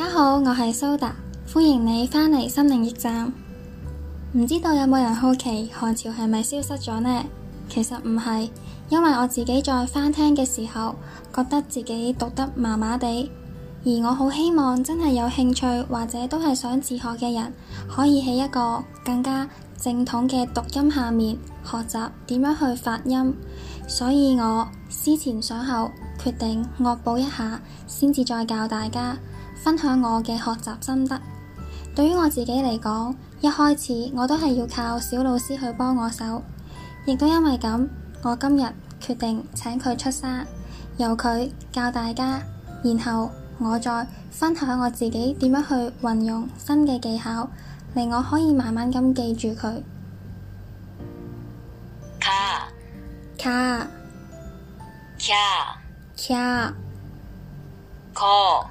大家好，我係蘇達，歡迎你返嚟心靈驛站。唔知道有冇人好奇韓潮係咪消失咗呢？其實唔係，因為我自己在翻聽嘅時候，覺得自己讀得麻麻地，而我好希望真係有興趣或者都係想自學嘅人，可以喺一個更加正統嘅讀音下面學習點樣去發音。所以我思前想後，決定惡補一下，先至再教大家。分享我嘅學習心得。對於我自己嚟講，一開始我都係要靠小老師去幫我手，亦都因為咁，我今日決定請佢出山，由佢教大家，然後我再分享我自己點樣去運用新嘅技巧，令我可以慢慢咁記住佢。卡卡卡卡卡卡。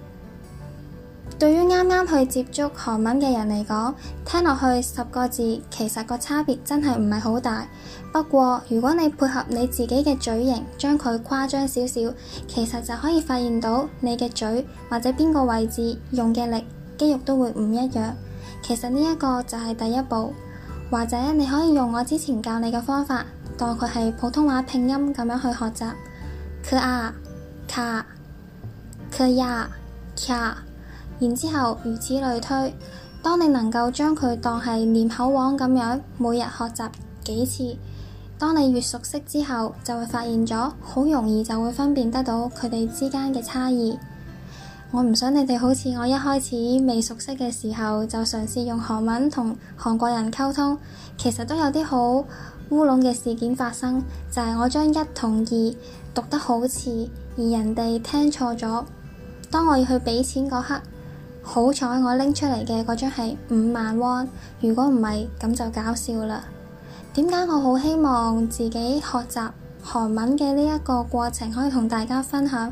對於啱啱去接觸韓文嘅人嚟講，聽落去十個字其實個差別真係唔係好大。不過如果你配合你自己嘅嘴型，將佢誇張少少，其實就可以發現到你嘅嘴或者邊個位置用嘅力肌肉都會唔一樣。其實呢一個就係第一步，或者你可以用我之前教你嘅方法，當佢係普通話拼音咁樣去學習。科啊卡科呀卡然之後，如此類推。當你能夠將佢當係念口簧咁樣，每日學習幾次。當你越熟悉之後，就會發現咗好容易就會分辨得到佢哋之間嘅差異。我唔想你哋好似我一開始未熟悉嘅時候就嘗試用韓文同韓國人溝通，其實都有啲好烏龍嘅事件發生，就係、是、我將一同二讀得好似，而人哋聽錯咗。當我要去畀錢嗰刻。好彩我拎出嚟嘅嗰張係五萬 won，如果唔係咁就搞笑啦。點解我好希望自己學習韓文嘅呢一個過程可以同大家分享？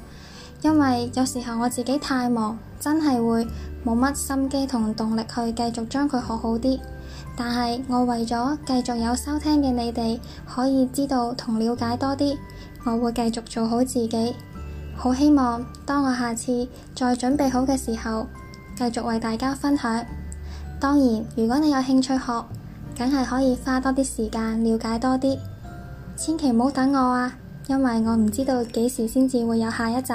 因為有時候我自己太忙，真係會冇乜心機同動力去繼續將佢學好啲。但係我為咗繼續有收聽嘅你哋，可以知道同了解多啲，我會繼續做好自己。好希望當我下次再準備好嘅時候。繼續為大家分享。當然，如果你有興趣學，梗係可以花多啲時間了解多啲。千祈唔好等我啊，因為我唔知道幾時先至會有下一集。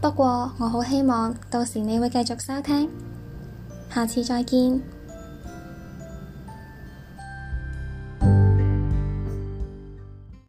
不過我好希望到時你會繼續收聽，下次再見。